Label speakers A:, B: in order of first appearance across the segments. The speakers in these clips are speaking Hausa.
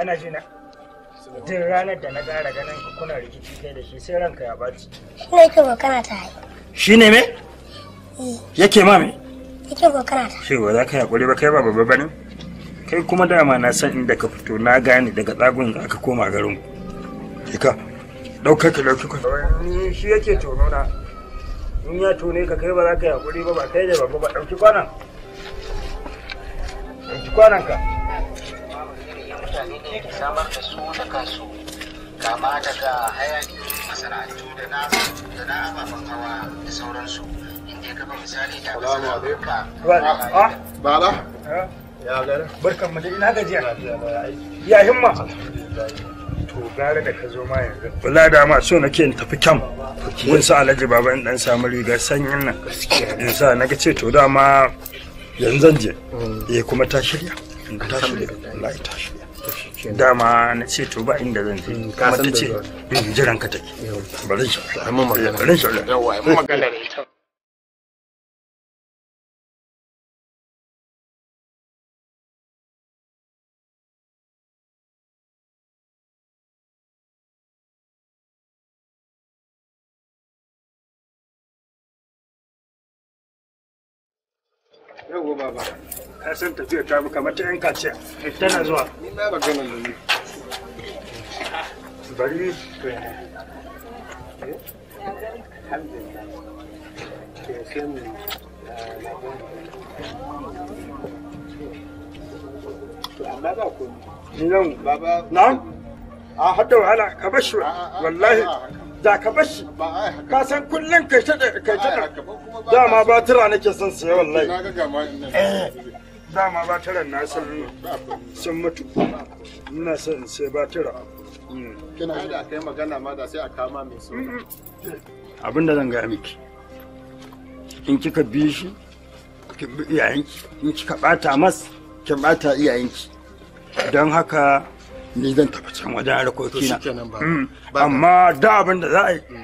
A: ana jina din ranar da na gara ganin kuna rikici kai da shi sai ranka ya baci yake kokana ta yi shi ne me eh. yake ma me yake kokana ta shi ba za ka yi ba kai ba babba bane kai kuma dama na san inda ka fito na gane daga tsagun da aka koma garin ku ka ɗaukar ka ɗauki ku shi yake tono na in ya tone ka kai ba za ka yaƙuri ba ba kai da babba ba ɗauki kwanan dauki kwanan ka mutane ne ke samar da su da kansu kama daga hayaki masana'antu da na da na ababen hawa da sauransu inda ya kafa misali da masana'antu ah. bala eh. ya gara barkan mu da ina gajiya ya himma to gara da ka zo ma yanzu wala da ma so nake in tafi kyam mun sa alhaji baba in dan samu rigar sanyin nan in sa naga ce to dama yanzu je mm. eh kuma ta shirya alhamdulillah dama na ce to ba inda zan je mm, kuma ta ce jiran ka take bari shi bari shi yawa mu magana da ita Yau baba. ta san tafiya ta bi kamar ta yan eh, tana zuwa ni na magana da ni bari baba a ah, hada wahala ka bashi ah, ah, wallahi da ka ka san kullum kai ta kai ta dama batira nake son saye wallahi dama ba tara na san san mutu ina san sai ba tara kina da kai magana ma da sai a kama mai suna abinda zan ga miki in kika bi shi kin bi iyayenki in kika bata mas kin bata iyayenki don haka ni zan tafi can wajen harkokina mm. amma da abinda za a yi mm.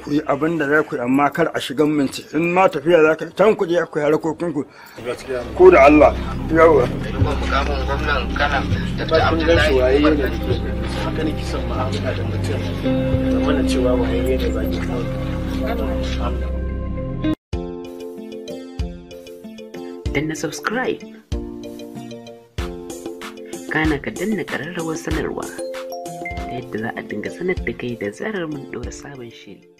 A: ku yi abin da za ku amma kar a shigan minti in ma tafiya za ka can ku je ku yi harkokin ku ko da Allah yawa danna subscribe kana ka danna kararrawar sanarwa ta yadda za a dinga sanar da kai da zarar mun ɗora sabon shiri